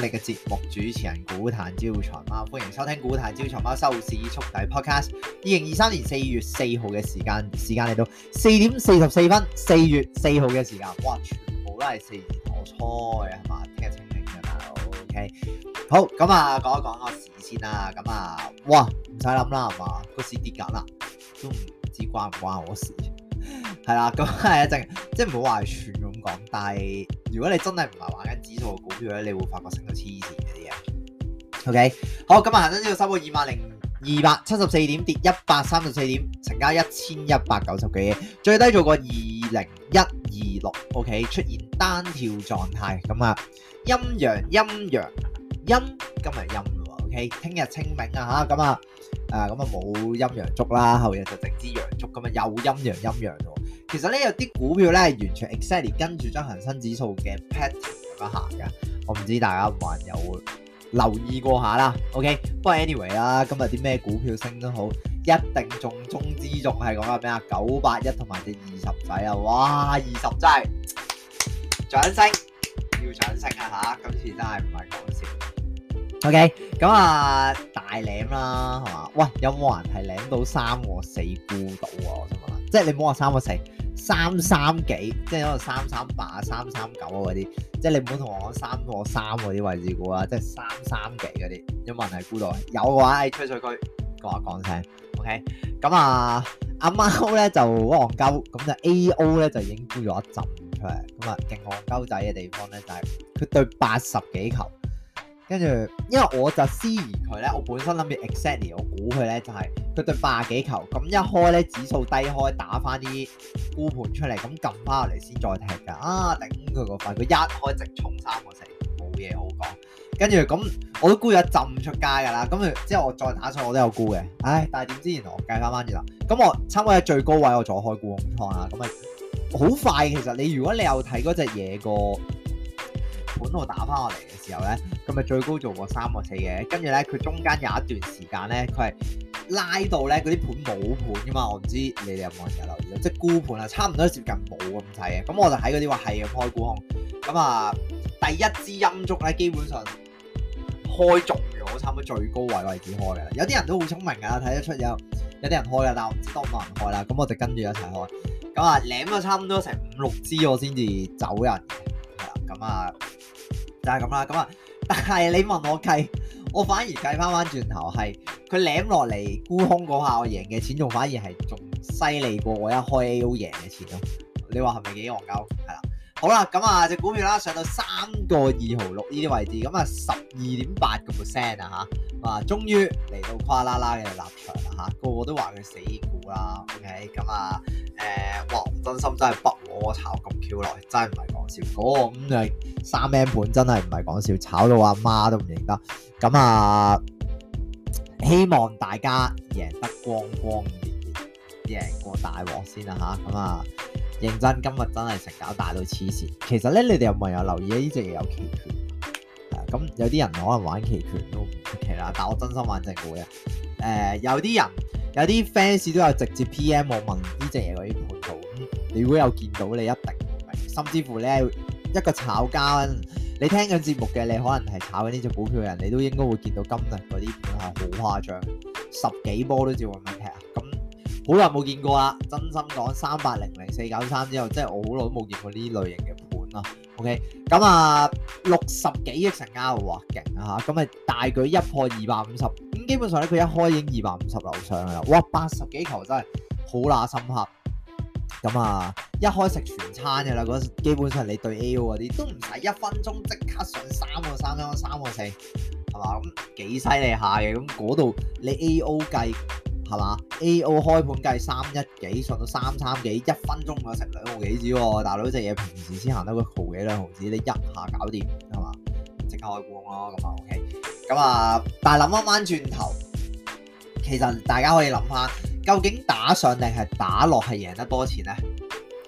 你嘅節目主持人股壇招財貓，歡迎收聽股壇招財貓收市速遞 podcast。二零二三年四月四號嘅時間，時間嚟到四點四十四分，四月四號嘅時間，哇，全部都係四字頭嘅係嘛？聽清唔清啊，大佬？O K，好，咁啊，講一講個市先啦。咁啊，哇，唔使諗啦，係嘛，個市跌緊啦，都唔知關唔關我事。係啦，咁係一正，即係唔好話串咁講。但係如果你真係唔係玩緊指數嘅股票話，你會發覺成個黐線嘅啲嘢。OK，好，咁啊，恒生指數收個二萬零二百七十四點，跌一百三十四點，成交一千一百九十幾億，最低做過二零一二六。OK，出現單跳狀態。咁啊，陰陽陰陽陰，今日陰咯。OK，聽日清明啊，吓咁啊。啊，咁啊冇陰陽燭啦，後日就整支陽燭，咁啊，又陰陽陰陽咯。其實咧有啲股票咧完全 exactly 跟住將恒生指數嘅 pattern 咁樣行噶，我唔知大家還有留意過下啦。OK，不過 anyway 啦，今日啲咩股票升都好，一定重中之重係講緊咩啊？九八一同埋隻二十仔啊！哇，二十真係，掌聲！要掌聲啊嚇！今次真係唔係講笑。O K，咁啊大領啦，係嘛？喂，有冇人係領到三個四沽到啊？我想問即係你唔好話三個四，三三幾，即係可能三三八、三三九嗰啲，即係你唔好同我講三個三嗰啲位置沽啊，即係三三幾嗰啲，有冇人係沽到？有嘅話，吹水區講一講先。O K，咁啊，阿、uh, 貓咧就戇鳩，咁就 A O 咧就已經沽咗一陣出嚟。咁啊，勁戇鳩仔嘅地方咧就係、是、佢對八十幾球。跟住，因為我就思疑佢咧，我本身諗住 exciting 我估佢咧就係、是、佢對八廿幾球，咁一開咧指數低開，打翻啲沽盤出嚟，咁撳翻落嚟先再踢噶。啊，頂佢個肺，佢一開直衝三個四，冇嘢好講。跟住咁，我都沽咗浸出街噶啦。咁之後我再打錯，我都有沽嘅。唉，但係點知原來我計翻翻住啦。咁我差唔多喺最高位，我左開沽空倉啦。咁啊，好快其實你，你如果你有睇嗰隻嘢個。盤號打翻我嚟嘅時候咧，咁咪最高做過三個四嘅，跟住咧佢中間有一段時間咧，佢係拉到咧嗰啲盤冇盤㗎嘛，我唔知你哋有冇人有留意即係沽盤啊，差唔多接近冇咁滯嘅，咁我就喺嗰啲話係咁開沽空咁啊第一支陰燭咧，基本上開足咗，差唔多最高位位置幾開嘅，有啲人都好聰明㗎啦，睇得出有有啲人開啦，但係我唔知多唔多人開啦，咁我就跟住一齊開，咁啊擷咗差唔多成五六支我先至走人，係啦，咁啊。就係咁啦，咁啊！但係你問我計，我反而計翻翻轉頭，係佢舐落嚟沽空嗰下，我贏嘅錢仲反而係仲犀利過我一開 A.O. 贏嘅錢咯。你話係咪幾戇鳩？係啦。好啦，咁啊隻股票啦，上到三個二毫六呢啲位置，咁啊十二點八個 percent 啊吓，啊，啊終於嚟到夸啦啦嘅立場啦吓，啊，個個都話佢死股啦，OK，咁啊誒、呃，哇，真心真係不我炒咁 Q 耐，真係唔係講笑，嗰、那個咁嘅三 M 盤本真係唔係講笑，炒到阿媽，媽都唔認得，咁啊希望大家贏得光光烈烈，贏過大鑊先啦吓，咁啊。啊認真，今日真係成交大到黐線。其實咧，你哋有冇有留意呢隻嘢有期權？咁、啊、有啲人可能玩期權都唔出奇啦，但我真心玩正股嘅，誒、啊、有啲人有啲 fans 都有直接 PM 我問呢隻嘢嗰啲盤圖。如果有見到你一定唔明，甚至乎咧一個炒家，你聽緊節目嘅，你可能係炒緊呢隻股票嘅人，你都應該會見到今日嗰啲盤係好誇張，十幾波都照咁樣踢。好耐冇見過啦！真心講，三百零零四九三之後，即係我好耐都冇見過呢類型嘅盤啦。OK，咁啊，六十幾億成交，哇，勁啊嚇！咁咪大舉一破二百五十，咁基本上咧，佢一開已經二百五十樓上啦。哇，八十幾球真係好乸深刻。咁啊，一開食全餐嘅啦，嗰時基本上你對 A.O. 嗰啲都唔使一分鐘即刻上三個三、三個三、個四，係嘛？咁幾犀利下嘅，咁嗰度你 A.O. 計。係嘛？A.O. 開盤計三一幾，上到三三幾，一分鐘我食兩毫幾紙喎、哦。大佬隻嘢平時先行得個毫幾兩毫紙，你一下搞掂係嘛？即刻開光咯，咁啊 OK。咁啊，但諗一翻轉頭，其實大家可以諗下，究竟打上定係打落係贏得多錢咧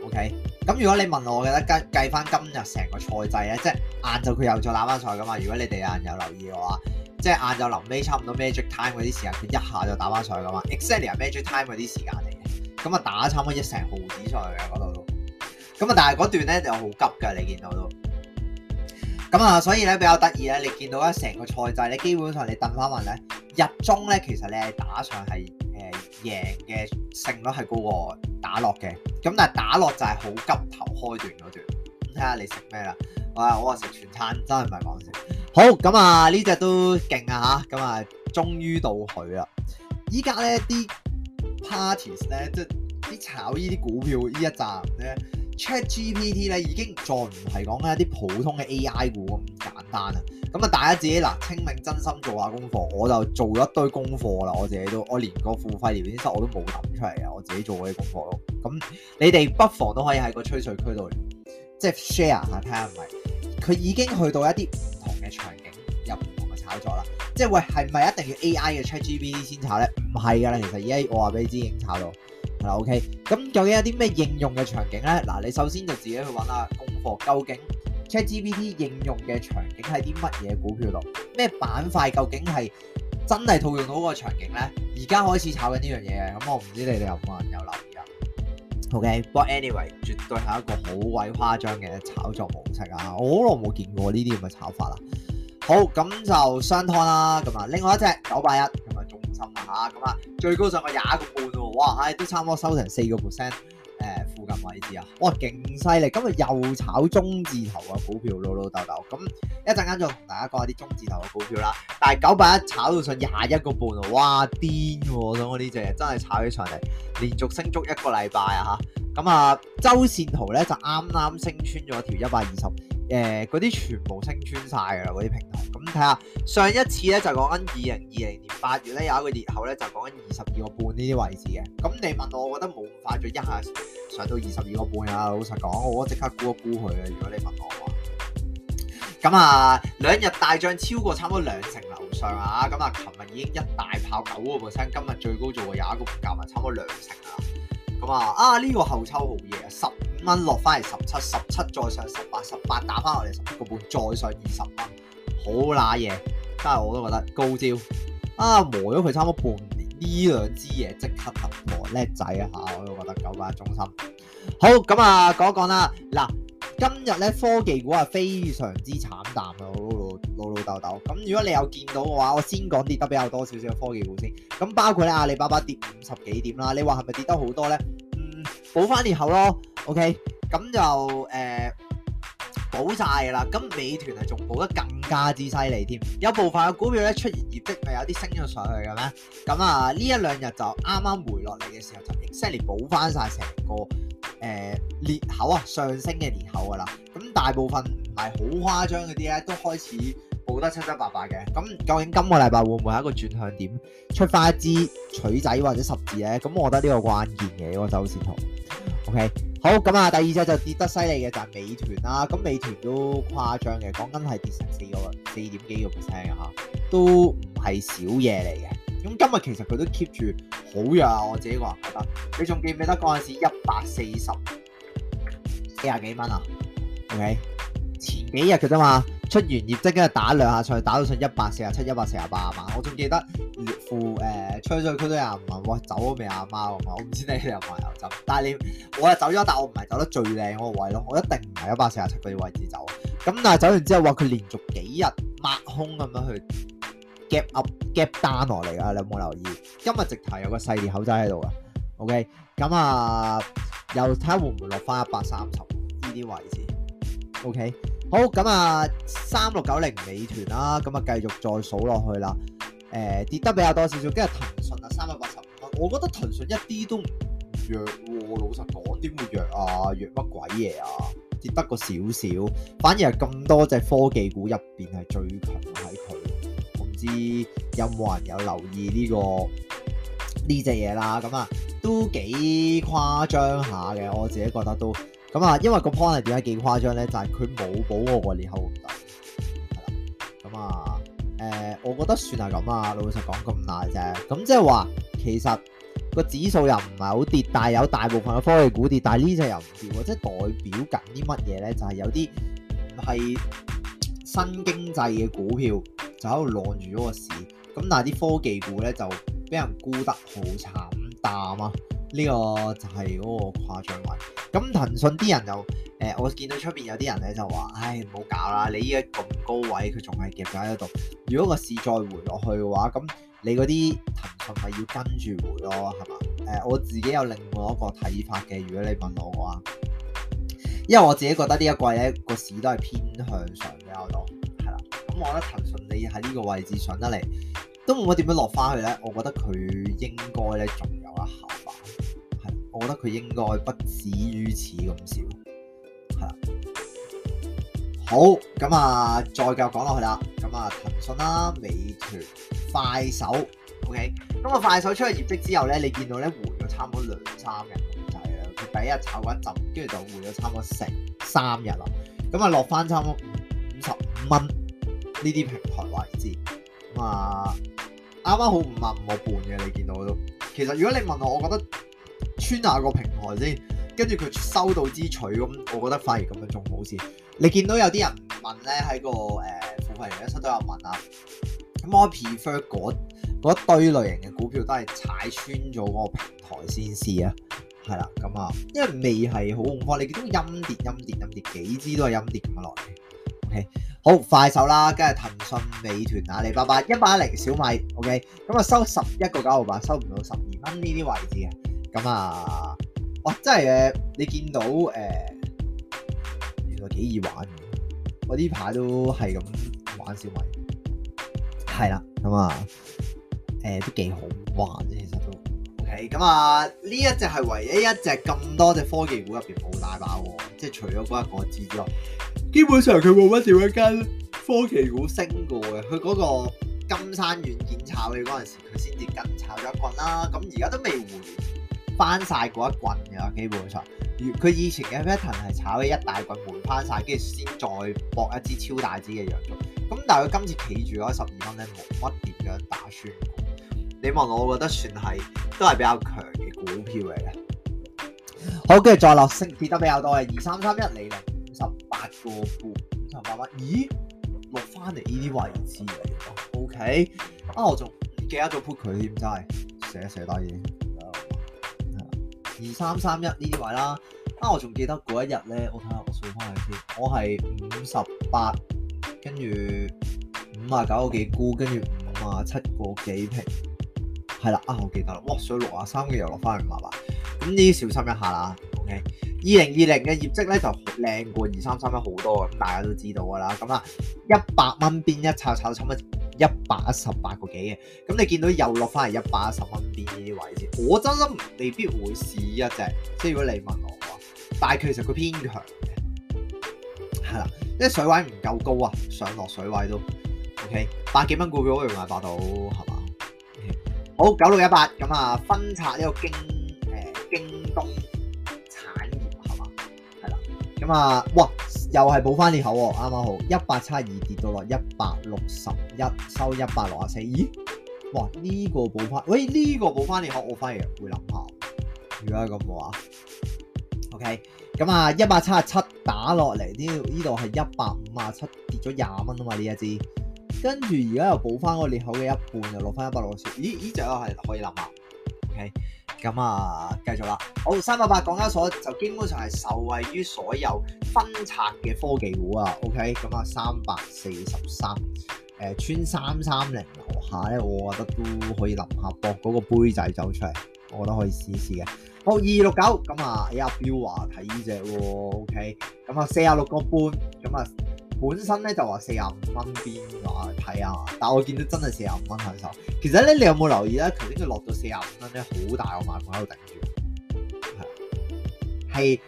？OK。咁如果你問我嘅咧，計計翻今日成個賽制咧，即係晏晝佢又咗打翻賽噶嘛？如果你哋有人有留意嘅話。即係晏晝臨尾，差唔多 Magic Time 嗰啲時間，佢一下就打翻上去噶嘛。Exactly Magic Time 嗰啲時間嚟嘅，咁啊打了差唔多一成毫子上去嗰度。都咁啊，咁但係嗰段咧就好急噶，你見到都。咁啊，所以咧比較得意咧，你見到咧成個賽制咧，你基本上你鄧翻雲咧日中咧，其實咧打上係誒、呃、贏嘅勝率係高過打落嘅。咁但係打落就係好急頭開段嗰段。睇下你食咩啦？我話我話食全餐，真係唔係講笑。好，咁啊，呢隻都勁啊吓，咁啊終於到佢啦！依家咧啲 parties 咧，即係啲炒呢啲股票呢一站咧，Chat GPT 咧已經再唔係講緊一啲普通嘅 AI 股咁簡單啦。咁啊，大家自己嗱，清明真心做下功課，我就做咗一堆功課啦。我自己都，我連個付費聊天室我都冇諗出嚟啊，我自己做嗰啲功課咯。咁你哋不妨都可以喺個吹水區度，即係 share 下睇下係咪。看看是佢已經去到一啲唔同嘅場景，有唔同嘅炒作啦。即係喂，係咪一定要 A.I. 嘅 ChatGPT 先炒咧？唔係噶啦，其實而家我話俾你知已經炒到係啦。OK，咁究竟有啲咩應用嘅場景咧？嗱，你首先就自己去揾下功課，究竟 ChatGPT 應用嘅場景係啲乜嘢股票度？咩板塊究竟係真係套用到嗰個場景咧？而家開始炒緊呢樣嘢。咁我唔知你哋有冇人有留意。O、okay, K，But anyway，絕對係一個好鬼誇張嘅炒作模式啊！我好耐冇見過呢啲咁嘅炒法啦。好，咁就新康啦。咁啊，另外一隻九八一，咁啊，中芯啦嚇。咁啊，最高上個廿一個半喎。哇，都差唔多收成四個 percent。位置啊，哇，勁犀利！今日又炒中字頭嘅股票老老豆豆。咁一陣間就同大家講下啲中字頭嘅股票啦。但係九百一炒到上廿一個半啊，哇，癲！咁我諗我呢隻真係炒起上嚟，連續升足一個禮拜啊，吓。咁啊，周線圖咧就啱啱升穿咗條一百二十，誒、呃，嗰啲全部升穿晒噶啦，嗰啲平台。咁睇下上一次咧就講緊二零二零年八月咧，有一個裂口咧就講緊二十二個半呢啲位置嘅。咁你問我，我覺得冇咁快，就一下上到二十二個半啊。老實講，我即刻估一估佢呀。如果你問我話，咁啊，兩日大漲超過差唔多兩成樓上啊。咁啊，琴日已經一大炮九個 percent，今日最高做嘅有一個半，差唔多兩成啦。咁啊！啊呢、呢個後抽好嘢啊！十五蚊落翻嚟十七，十七再上十八，十八打翻我哋十一個半，再上二十蚊，好乸嘢！但係我都覺得高招啊！磨咗佢差唔多半年，呢兩支嘢即刻突破，叻仔啊下，我都覺得九百中心。好，咁啊講一講啦、啊、嗱。今日咧科技股係非常之慘淡啊老老老，老老豆豆，咁如果你有見到嘅話，我先講跌得比較多少少嘅科技股先。咁包括咧阿里巴巴跌五十幾點啦，你話係咪跌得好多咧？嗯，補翻裂口咯。OK，咁就誒、呃、補晒嘅啦。咁美團係仲補得更加之犀利添，有部分嘅股票咧出現業績，咪有啲升咗上去嘅咩？咁啊呢一兩日就啱啱回落嚟嘅時候就 exactly 補翻晒成個。誒、呃，裂口啊，上升嘅裂口噶啦，咁大部分唔係好誇張嗰啲咧，都開始報得七七八八嘅。咁究竟今個禮拜會唔會係一個轉向點，出返一支錘仔或者十字咧？咁我覺得呢個關鍵嘅呢個走勢圖。OK，好，咁啊，第二隻就跌得犀利嘅就係、是、美團啦、啊。咁美團都誇張嘅，講緊係跌成四個四點幾個 percent 啊，吓都唔係少嘢嚟嘅。咁今日其實佢都 keep 住。好呀，我自己個人覺得，你仲記唔記得嗰陣時一百四十四廿幾蚊啊？OK，前幾日嘅啫嘛，出完業績跟住打兩下賽，打到上一百四十七、一百四十八啊嘛，我仲記得副誒吹俊佢都 25,、哦、有人問，喂走咗未啊嘛？我唔知你有冇走，但係你我係走咗，但我唔係走得最靚嗰個位咯，我一定唔係一百四十七嗰啲位置走。咁但係走完之後，話佢連續幾日抹空咁樣去。gap up gap down 落嚟啊，你有冇留意？今日直頭有個細裂口仔喺度啊。OK，咁啊，又睇下會唔會落翻一百三十呢啲位置？OK。好，咁啊，三六九零美團啦，咁啊繼續再數落去啦。誒、欸，跌得比較多少少，跟住騰訊啊三百八十，我覺得騰訊一啲都唔弱、啊。老實講，點會弱啊？弱乜鬼嘢啊？跌得個少少，反而係咁多隻科技股入邊係最強。知有冇人有留意呢、這個呢隻嘢啦？咁啊，都幾誇張下嘅，我自己覺得都咁啊。因為個 point 係點解幾誇張咧？就係佢冇補我個裂口。係啦，咁啊，誒、呃，我覺得算係咁啊。老實講咁大啫。咁即係話，其實個指數又唔係好跌，但係有大部分嘅科技股跌，但係呢隻又唔跌，即係代表緊啲乜嘢咧？就係、是、有啲係新經濟嘅股票。就喺度攞住嗰個市，咁但係啲科技股咧就俾人沽得好慘淡啊！呢、呢個就係嗰個誇張位。咁騰訊啲人就誒、呃、我見到出邊有啲人咧就話唉，唔好搞啦！你依家咁高位，佢仲係夾在喺度。如果個市再回落去嘅話，咁你嗰啲騰訊咪要跟住回咯，係嘛？誒、呃、我自己有另外一個睇法嘅。如果你問我嘅話，因為我自己覺得呢一季咧、個市都係偏向上。我覺得騰訊你喺呢個位置上得嚟，都冇乜點樣落翻去咧。我覺得佢應該咧，仲有一下吧。係，我覺得佢應該不止於此咁少。係啦，好，咁啊，再繼續講落去啦。咁啊，騰訊啦，美團、快手，OK。咁啊，快手出嚟業績之後咧，你見到咧，回咗差唔多兩三日咁滯啦。佢、就是、第一日炒緊就，跟住就回咗差唔多成三日咯。咁啊，落翻差唔多五十五蚊。呢啲平台位置，咁啊啱啱好唔問我半嘅，你見到。其實如果你問我，我覺得穿下個平台先，跟住佢收到支取咁，我覺得反而咁樣仲好先。你見到有啲人問咧，喺、嗰個誒富平一出都有問啊咁、嗯、我 prefer 嗰嗰堆類型嘅股票都係踩穿咗個個平台先試啊，係啦，咁、嗯、啊，因為未係好恐慌，你見到陰跌陰跌陰跌幾支都係陰跌咁樣落嚟。Okay, 好快手啦，跟住騰訊、美團、阿里巴巴、一百零、小米，OK，咁啊收十一個九毫八，收唔到十二蚊呢啲位置嘅。咁啊，哇，真係誒、呃，你見到誒、呃，原來幾易玩嘅，我呢排都係咁玩小米，係啦，咁啊，誒都幾好玩啫，其實都。誒，咁啊，呢一隻係唯一一隻咁多隻科技股入邊冇大把嘅，即係除咗嗰一個字之外，基本上佢冇乜點樣跟科技股升過嘅。佢嗰個金山軟件炒起嗰陣時，佢先至跟炒咗一棍啦。咁而家都未回翻晒嗰一棍嘅，基本上。佢以前嘅 pattern 係炒起一大棍回翻晒，跟住先再搏一支超大支嘅藥。咁但係佢今次企住嗰十二蚊咧，冇乜點樣打算。你望我，我覺得算係都係比較強嘅股票嚟嘅。好，跟住再落升跌得比較多嘅二三三一，零五十八個半，五十八蚊。咦，落翻嚟呢啲位置嚟？O K，啊，我仲記得咗 put 佢添，真係寫一寫多嘢。二三三一呢啲位啦，啊，我仲記得嗰一日咧，我睇下我數翻下先。我係五十八，跟住五啊九個幾沽，跟住五啊七個幾平，係啦，啊，我記得啦，哇，水六啊三嘅又落翻嚟嘛嘛，咁呢啲小心一下啦。O K，二零二零嘅業績咧就靚過二三三一好多，大家都知道噶啦。咁啊，一百蚊邊一炒炒到差唔多一百一十八個幾嘅，咁你見到又落翻嚟一百一十蚊邊呢啲位置，我真心未必會試一隻。即係如果你問我嘅話，但係其實佢偏強嘅，係啦，因為水位唔夠高啊，上落水位都 O K，百幾蚊股票仍然買八到。好九六一八咁啊，96, 18，分拆呢個京誒、呃、京東產業係嘛，係啦，咁啊，哇，又係補翻裂口喎，啊，啱啱好，一百七十二跌到落一百六十一，161，收一百六十四，咦，哇，呢、這個補翻，喂，呢、這個補翻裂口，我反而會諗下，如果係咁嘅話，OK，咁啊，一百七啊七打落嚟，呢呢度係一百五啊七跌咗廿蚊啊嘛，呢一支。跟住而家又補翻嗰個裂口嘅一半，又落翻一百六十，咦？呢隻又係可以諗下。OK，咁啊，繼續啦。好，三百八港交所就基本上係受惠於所有分拆嘅科技股、OK? 啊。OK，咁啊，三百四十三，誒，穿三三零樓下咧，我覺得都可以諗下博嗰個杯仔走出嚟，我覺得可以試試嘅。好，二六九，咁啊，阿彪話睇呢隻喎。OK，咁啊，四廿六個半，咁啊。本身咧就話四十五蚊邊啊，睇下，但我見到真係四十五蚊享受。其實咧，你有冇留意咧？頭先佢落到四十五蚊咧，好大個買盤喺度頂住，係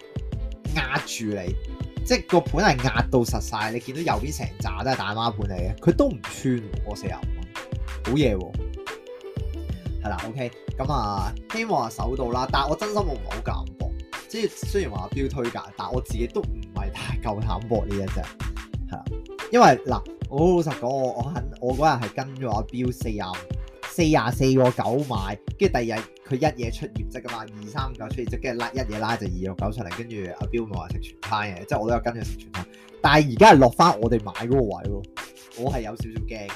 壓住你，即係個盤係壓到實晒。你見到右邊成扎都係大孖盤嚟嘅，佢都唔穿我四十五蚊，好嘢喎。係啦，OK，咁啊，希望啊守到啦。但係我真心我唔好 g 薄。即係雖然話阿彪推介，但係我自己都唔係太夠膽搏呢一隻。因為嗱，我老實講，我我肯我嗰日係跟咗阿彪四廿四廿四個九買，跟住第二日佢一嘢出業績噶嘛，二三九出業績，跟住拉一嘢拉就二六九出嚟，跟住阿彪咪話食全餐嘅，即係我都有跟住食全餐。但係而家係落翻我哋買嗰個位咯，我係有少少驚，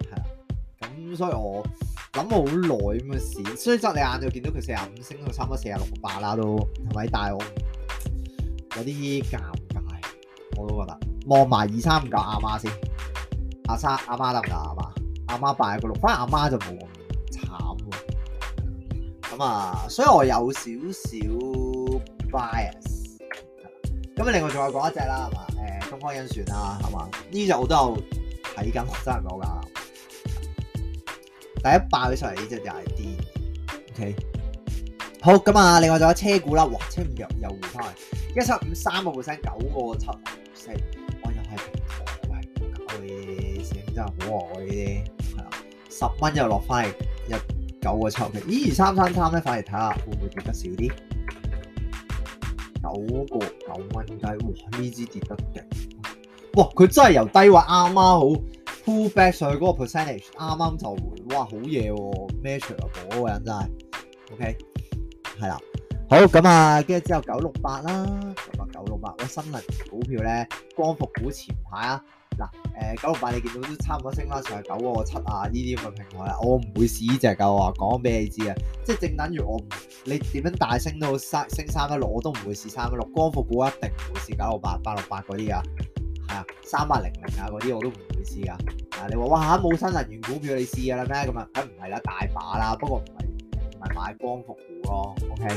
係啦。咁所以我諗好耐咁嘅事，雖然即係你眼就見到佢四廿五升到差唔多四廿六個八啦，都係咪？但係我有啲尷尬，我都覺得。望埋二三五九阿媽先，阿三阿媽得唔得阿嘛，阿、啊、媽八個六，翻、啊、阿媽,、啊媽,啊媽,啊媽,啊、媽就冇、啊，慘喎。咁啊，所以我有少少 bias。咁、嗯、另外仲有講一隻啦，係嘛？誒，東方音訊啦，係、啊、嘛？呢隻我都有睇緊，學生唔冇假。第一爆起出嚟呢隻又係 D。OK，好咁啊，另外仲有車股啦，哇，車唔九又回胎，一七五三個 percent，九個七四。真係好啊！我呢啲係啊，十蚊又落翻嚟一九個七嘅，咦？三三三咧，反嚟睇下會唔會跌得少啲？九個九蚊雞，哇！呢支跌得勁，哇！佢真係由低位啱啱好 pull back 上去嗰個 percentage，啱啱就回。哇！好嘢喎，match 啊！我嗰個人真係，OK，係啦，好咁啊，跟住之後九六八啦，咁啊九六八，喂，新能源股票咧，光伏股前排啊！嗱、呃，誒九六八你見到都差唔多升啦，成日九個七啊，呢啲咁嘅平台啦，我唔會試呢隻噶，啊，話講俾你知啊，即係正等於我唔，你點樣大升都好，升三一六我都唔會試，三一六光伏股一定唔會試，九六八八六八嗰啲啊，係啊，三八零零啊嗰啲我都唔會試噶，啊你話哇嚇冇新能源股票你試噶啦咩？咁啊梗唔係啦，大把啦，不過唔係唔係買光伏股咯，OK，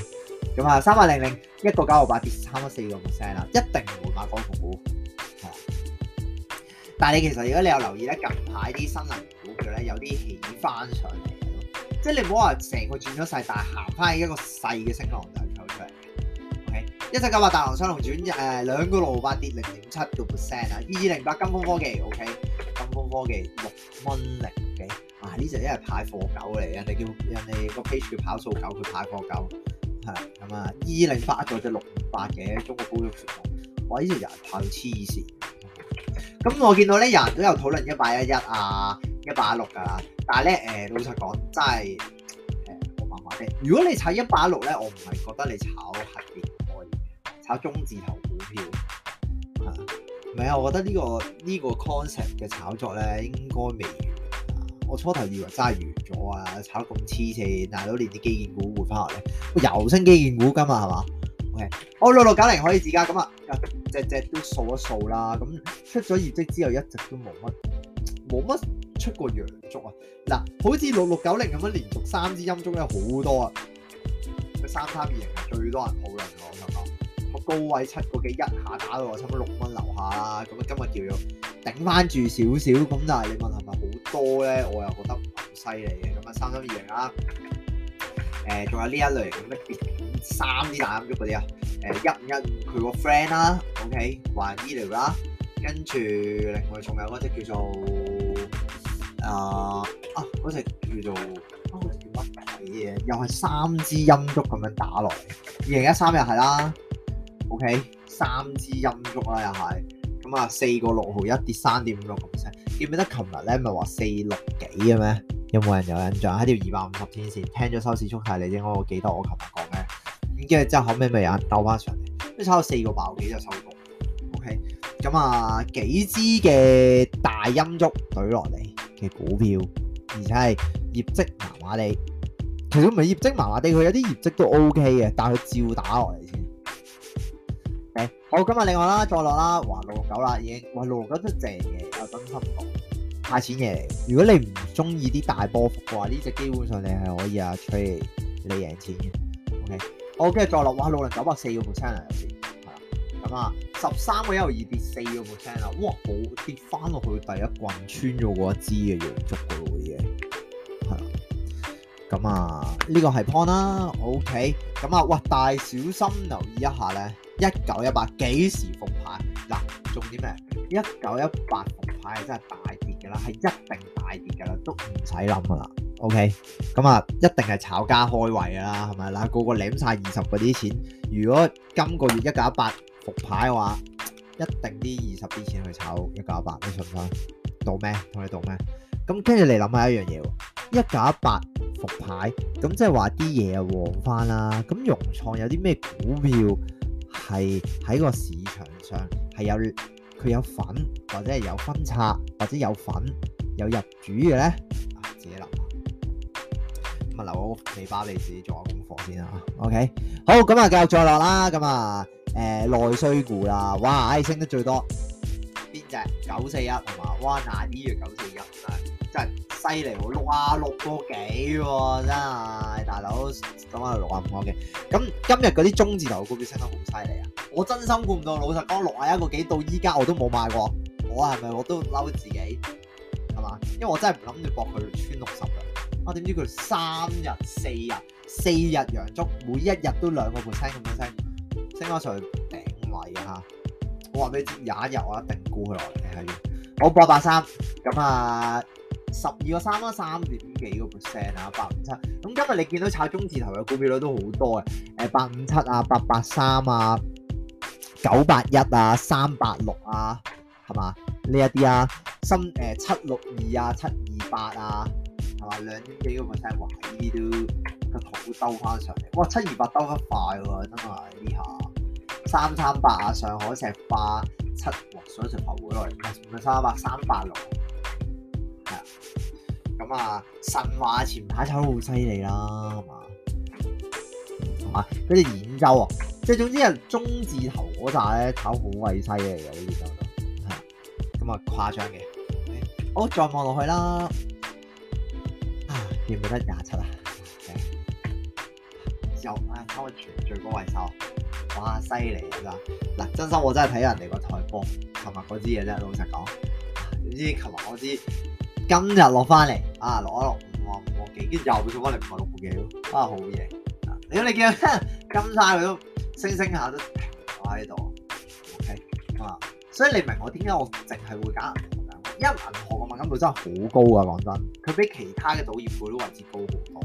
咁啊三八零零一個九六八跌差唔多四個 percent 啦，一定唔會買光伏股。但係你其實如果你有留意咧，近排啲新能源股票咧有啲起翻上嚟咯，即係你唔好話成個轉咗世，但係行翻去一個細嘅升浪就係咁出嚟。OK，一隻九百大龍雙龍轉誒、呃、兩個六八跌零點七個 percent 啊，二零八金風科技 OK，金風科技六蚊零幾，哇呢隻一係派貨狗嚟，人哋叫人哋個 page 叫跑數狗，去派貨狗係咁啊！二零八仲有隻六五八嘅中國高速傳動，哇呢隻人派到黐線。咁我見到咧，人都有討論一百一一啊，一百一六噶啦，但係咧，誒，老實講真係誒，我麻麻哋。如果你炒一百一六咧，我唔係覺得你炒核電可以，炒中字頭股票吓，唔係啊？我覺得呢個呢個 concept 嘅炒作咧應該未完啊！我初頭以為真係完咗啊，炒得咁黐線，大佬連啲基建股活翻落嚟，油又升，基建股噶嘛係嘛？我六六九零可以自家咁啊，只只都掃一掃啦。咁出咗業績之後一直都冇乜冇乜出過陽燭啊。嗱，好似六六九零咁樣連續三支陰燭，有好多啊。佢三三二零最多人討論咯，咁啊，高位七個幾一下打到我差唔多六蚊樓下啦。咁啊，今日叫做頂翻住少少咁，但係你問係咪好多咧？我又覺得唔係好犀利嘅。咁啊，三三二零啊。誒、呃，仲有呢一類嘅咩跌三支陰燭咁嗰啲啊？誒，一五一五佢個 friend 啦，OK，還醫療啦，跟住另外仲有嗰隻叫做啊啊嗰隻叫做，嗰、呃、隻、啊、叫乜嘢、啊？又係三支陰燭咁樣打落嚟。二零一三又係啦，OK，三支陰燭啦又係，咁啊四個六號一跌三點五六咁聲，記唔記得琴日咧咪話四六幾嘅咩？有冇人有印象喺條二百五十天線？聽咗收市速遞你，應該我記得我琴日講咩？咁跟住之後後尾咪有，人兜返上嚟，h i n 即係炒四個爆幾就收工。OK，咁啊，幾支嘅大陰燭懟落嚟嘅股票，而且係業績麻麻地。其實唔係業績麻麻地，佢有啲業績都 OK 嘅，但係佢照打落嚟先。OK，好，咁啊，另外啦，再落啦，哇六六九啦，已經六六九真正嘅，我真心講。派錢嘢嚟。如果你唔中意啲大波幅嘅話，呢隻基本上你係可以啊吹你贏錢嘅。OK，我今再落哇，六零九百四個 percent 入邊，係啦。咁啊，十三個一路二跌四個 percent 啦。哇，好跌翻落去第一棍穿咗嗰一支嘅，要捉嘅咯，會嘅係啦。咁啊，呢個係 point 啦。OK，咁啊，哇大，小心留意一下咧。一九一八幾時復牌嗱？重點咩？一九一八復牌係真係大。啦，係一定大跌噶啦，都唔使諗噶啦。OK，咁啊，一定係炒家開胃噶啦，係咪？嗱，個個舐晒二十嗰啲錢，如果今個月一九一八復牌嘅話，一定啲二十啲錢去炒一九一八，你信唔信？賭咩？同你賭咩？咁跟住嚟諗下一樣嘢喎，一九一八復牌，咁即係話啲嘢又旺翻啦。咁融創有啲咩股票係喺個市場上係有？佢有粉或者有分拆或者有粉有入主嘅咧，自己留。咁留我尾巴，你自己做下功課先啊。OK，好，咁啊繼續再落啦。咁啊，誒內需股啦，哇！升得最多邊隻九四一同埋？哇！哪啲叫九四一？犀利喎，六啊六個幾喎，真係大佬咁啊，六啊五個幾。咁今日嗰啲中字頭嘅股票升得好犀利啊！我真心估唔到，老實講，六啊一個幾到依家我都冇買過。我係咪我都嬲自己係嘛？因為我真係唔諗住搏佢穿六十嘅。我、啊、點知佢三日、四日、四日揚足，每一日都兩個 percent 咁樣升，升到上去頂位啊！嚇，我話俾你知，有一日我一定沽佢落嚟我搏，八三咁啊！十二個三啦，三點幾個 percent 啊，八五七。咁今日你見到炒中字頭嘅股票率、欸 857, 883, 981, 386, 欸、762, 728, 1, 都好多啊。誒八五七啊，八八三啊，九八一啊，三八六啊，係嘛？呢一啲啊，新誒七六二啊，七二八啊，係嘛？兩點幾個 percent 喎，呢啲都個圖兜翻上嚟。哇，七二八兜得快喎，真係呢下。三三八啊，338, 上海石化七，上一隻頭好耐，唔係三三八，三八六。咁啊，神話前排炒得好犀利啦，係嘛，係嘛，嗰隻演奏啊，即係總之係中字頭嗰紮咧，炒好鬼犀利嘅呢啲都，咁啊誇張嘅。我再望落去啦，啊，見唔見得廿七啊？又啊，炒到全最高位收，哇犀利啊嗱，真心我真係睇人哋個台博琴日嗰支嘢啫，老實講。點知琴日嗰支？今日落翻嚟啊，落一落五毫五毫幾，跟住又送翻嚟五毫六毫幾咯，真係好嘢！屌你見啊，啊今日佢都星星下都停喺度，OK 啊，所以你明我點解我淨係會揀銀行啊？因為銀行嘅物金率真係好高啊，講真，佢比其他嘅組業股都位置高好多。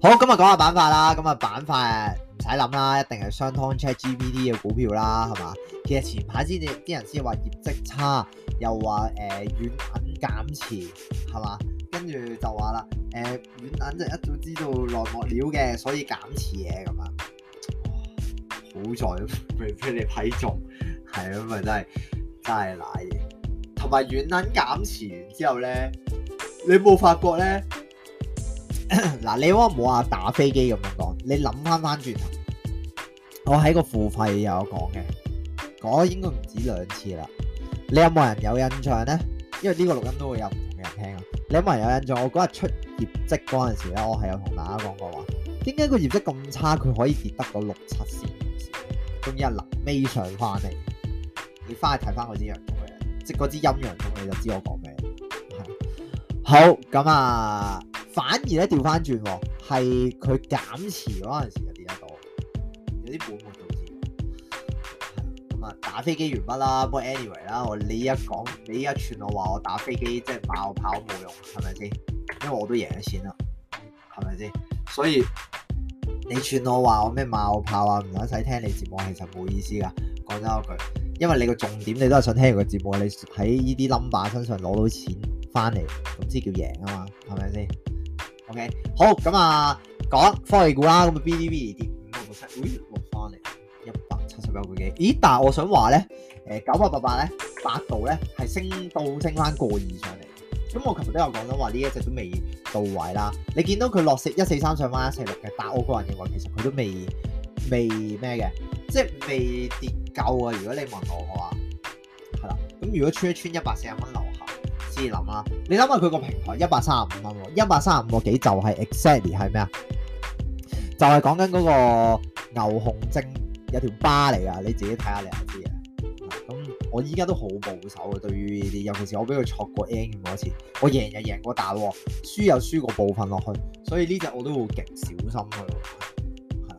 好，咁啊講下板塊啦，咁啊板塊唔使諗啦，一定係相當 ChatGPT 嘅股票啦，係嘛？其實前排先，你啲人先話業績差。又話誒，軟銀減持係嘛？跟住就話啦，誒、呃，軟銀就一早知道內幕料嘅，所以減持嘢。咁樣。 好在未俾你批中，係啊，咪真係真係瀨嘢。同埋軟銀減持完之後咧，你冇發覺咧？嗱， 你可唔可唔好話打飛機咁樣講？你諗翻翻轉頭，我喺個付費有講嘅，講應該唔止兩次啦。你有冇人有印象咧？因為呢個錄音都會有唔同嘅人聽啊！你有冇人有印象？我嗰日出業績嗰陣時咧，我係有同大家講過話，點解個業績咁差，佢可以跌得個六七線？終於係能孭尾上翻嚟。你翻去睇翻嗰支陽股嘅，即係嗰支陰陽股，你就知我講咩。好咁啊，反而咧調翻轉，係佢減持嗰陣時就跌得到。有啲本。打飛機完畢啦，不過 anyway 啦，我你一講你一串我話我打飛機即係馬後炮都冇用，係咪先？因為我都贏咗錢啦，係咪先？所以你串我話我咩馬後炮啊？唔使聽你節目，其實冇意思噶。講真一句，因為你個重點你都係想聽個節目，你喺呢啲 number 身上攞到錢翻嚟，咁先叫贏啊嘛，係咪先？OK，好咁啊，講科技股啦，咁啊 BTV。咦，但係我想話咧，誒九八八八咧，百度咧係升到升翻過二上嚟。咁我琴日都有講到話呢一隻都未到位啦。你見到佢落四一四三上翻一四六嘅，但我個人認為其實佢都未未咩嘅，即係未跌夠啊！如果你問我嘅話，係啦。咁如果穿一穿一百四十蚊樓下，先至諗啦。你諗下佢個平台一百三十五蚊喎，一百三十五個幾就係 exactly 係咩啊？就係講緊嗰個牛熊證。有條巴嚟啊！你自己睇下你阿知嘅。咁我依家都好保守啊，對於呢啲，尤其是我俾佢錯過 N 多次，我贏又贏過大鑊，輸又輸過部分落去，所以呢隻我都會極小心佢。係啊，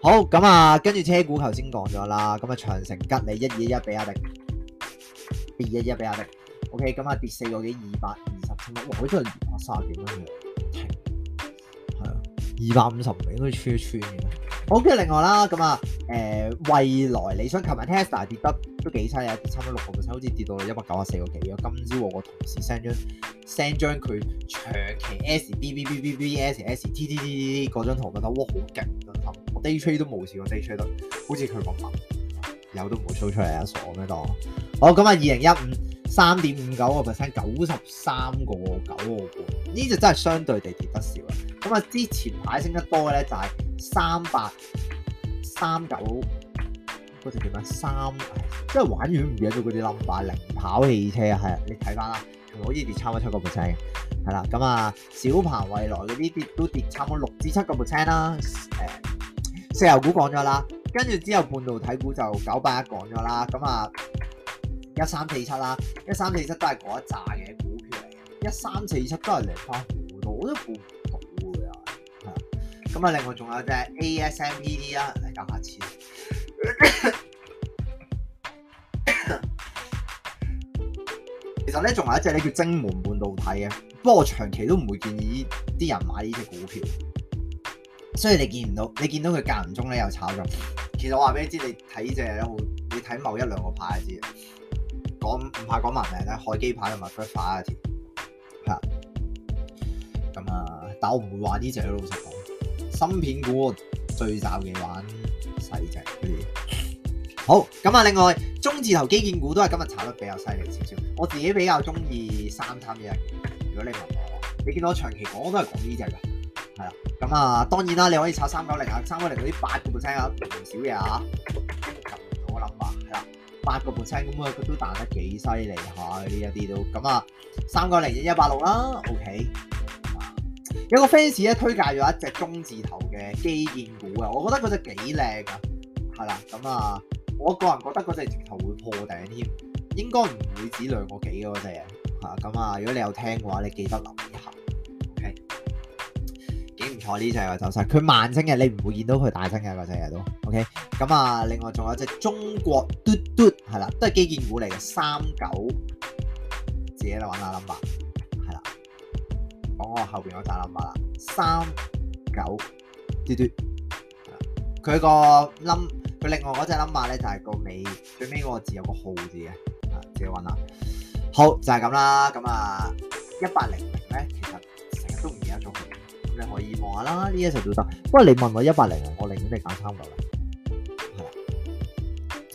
好咁啊，跟住車股頭先講咗啦，咁啊，長城吉利一二一比亞迪，二一一比亞迪。OK，咁啊跌四個幾二百二十千蚊，哇！好多人連落三十幾蚊喎，係啊，二百五十蚊都穿一穿嘅啦。OK，另外啦，咁啊，誒、呃，蔚來理想，琴日 Tesla 跌得都幾差啊，差唔多六個 percent，好似跌到一百九啊四個幾。今朝我個同事 send 張 send 張佢長期 S B B B B B S S T T T T 嗰張圖，覺得哇好勁咁我 day trade 都冇試過 day trade 得好似佢咁牛，有都唔會 show 出嚟啊，傻咩當？好，咁啊，二零一五三點五九個 percent，九十三個九個半，呢隻真係相對地跌得少啊。咁啊，之前排升得多嘅咧，就係、是。三百三九嗰隻叫咩？三即係、哎、玩遠唔記得咗嗰啲冧巴。零跑汽車係啊，你睇翻啦，好似跌差唔多七個 percent。係啦，咁啊，小鵬蔚來嗰啲跌都跌差唔多六至七個 percent 啦。誒，石、哎、油股講咗啦，跟住之後半導體股就九八一講咗啦。咁啊，一三四七啦，一三四七都係嗰一紮嘅股票嚟，一三四七都係零翻好多，我都半。咁啊，另外仲有隻 a s m e d 啦，嚟搞下錢。其實咧，仲有一隻咧 叫精門半導體嘅，不過我長期都唔會建議啲人買呢隻股票，所以你見唔到，你見到佢間唔中咧又炒咗。其實我話俾你知，你睇呢隻有冇？你睇某一兩個牌子，講唔怕講埋名咧，看海基牌同埋 i c r o f a r i t y 嚇。咁啊，但我唔會話呢隻，老實講。芯片股最渣嘅玩細隻啲，隻好咁啊！另外中字頭基建股都係今日炒得比較犀利少少。我自己比較中意三三一一。如果你問我，你見到我長期講我都係講呢隻㗎，係啦。咁啊，當然啦，你可以炒三九零啊，三九零嗰啲八個 percent 唔少嘢啊。我諗啊，係啦，八個 percent 咁啊，佢都彈得幾犀利嚇呢一啲都。咁啊，三九零一一八六啦，OK。有個 fans 咧，推介咗一隻中字頭嘅基建股啊，我覺得嗰隻幾靚啊，係啦，咁啊，我個人覺得嗰隻直頭會破頂添，應該唔會止兩個幾嘅嗰隻，吓咁啊，如果你有聽嘅話，你記得諗一下，OK，幾唔錯呢隻啊，走勢，佢慢升嘅，你唔會見到佢大升嘅嗰隻嘢。都，OK，咁啊，另外仲有一隻中國嘟嘟，係啦，都係基建股嚟嘅，三九，自己嚟揾下諗下。講我後邊嗰隻 number 啦，三九嘟嘟，佢、個 number 佢另外嗰隻 number 咧就係、是、個尾最尾嗰個字有個號字嘅，是的自己揾啦。好就係咁啦，咁啊一八零零咧其實成日都唔記得咗佢。咁你可以望下啦，呢一成都得。不過你問我一八零零，我寧願你揀三百零。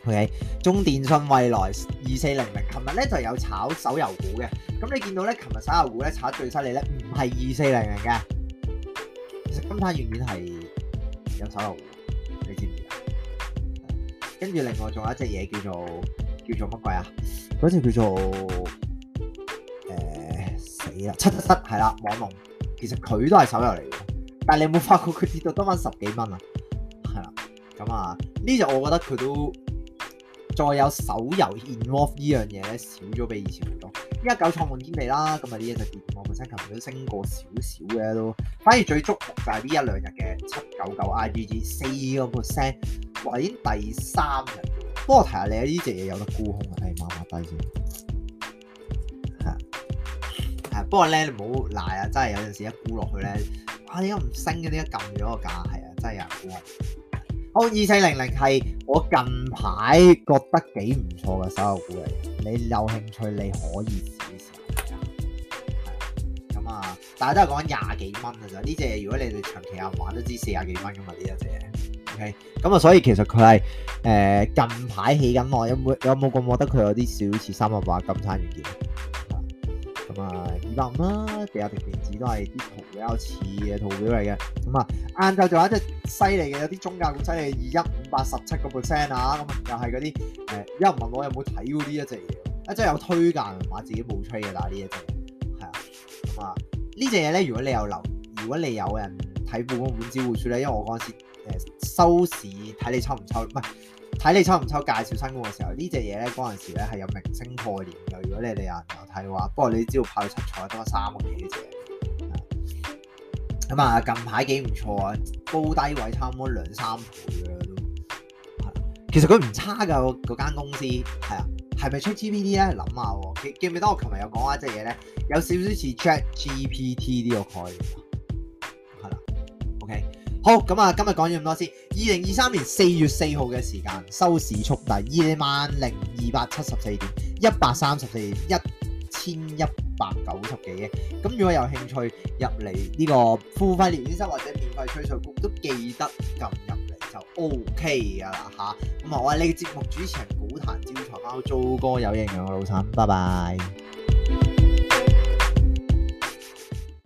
係，ok 中電信未來二四零零，琴日咧就有炒手遊股嘅，咁你見到咧琴日手遊股咧炒得最犀利咧。係二四零零嘅，其實金叉完全係有手遊，你知唔知啊？跟、嗯、住另外仲有一隻嘢叫做叫做乜鬼啊？嗰隻叫做誒、呃、死啦，七七七係啦，網龍，其實佢都係手遊嚟嘅。但係你有冇發覺佢跌到多翻十幾蚊啊？係啦，咁啊呢隻我覺得佢都再有手遊 involve 呢樣嘢呢少咗比以前好多。一九創盤天地啦，今日呢嘢就跌五個 p e r c 都升過少少嘅都。反而最觸目就係呢一兩日嘅七九九 IGG 四個 percent，哇已經第三日。不過提下你呢隻嘢有得沽空啊，誒麻麻低先。係啊，係不過咧你唔好賴啊，真係有陣時一沽落去咧，哇點解唔升嘅？點解撳咗個價？係啊，真係有好二四零零係。我近排覺得幾唔錯嘅手候股嚟，你有興趣你可以試試下係咁啊，但都係講緊廿幾蚊嘅咋，呢隻嘢，如果你哋長期啊玩都知四廿幾蚊咁嘛。呢隻嘢。O K，咁啊所以其實佢係誒近排起緊，我有冇有冇覺得佢有啲小似三六八金叉遇件。咁、嗯、啊，二百五啦、啊，地下鐵電子都係啲圖比較似嘅圖表嚟嘅。咁、嗯、啊，晏晝仲有一隻犀利嘅，有啲宗教犀利嘅，二一五八十七個 percent 啊。咁、嗯、啊，又係嗰啲誒，呃、有人問我有冇睇嗰啲一隻嘢，啊，即係有推介，同埋自己冇吹嘅，但呢一隻嘢係啊。咁啊，嗯嗯嗯、隻呢隻嘢咧，如果你有留，如果你有嘅。睇富翁滿紙護書咧，因為我嗰陣時收市睇你抽唔抽，唔係睇你抽唔抽介紹新股嘅時候，呢隻嘢咧嗰陣時咧係有明星概念嘅。如果你哋有人有睇嘅話，不過你知道派七彩多三個幾嘅。咁啊，近排幾唔錯啊，高低位差唔多兩三倍嘅都。其實佢唔差㗎，嗰間公司係啊，係咪出 GPT 咧？諗下記記唔記得我琴日有講一隻嘢咧，有少少似 Chat GPT 呢個概念。好咁啊！今天這麼多2023年4月4日講咗咁多先。二零二三年四月四號嘅時間，收市速遞，二萬零二百七十四點一百三十四點一千一百九十幾億。咁如果有興趣入嚟呢個付費練習室或者免費吹水局，都記得撳入嚟就 O K 噶啦吓。咁啊，我係你嘅節目主持人股壇招財貓，租哥，做個有營養嘅老陳，拜拜。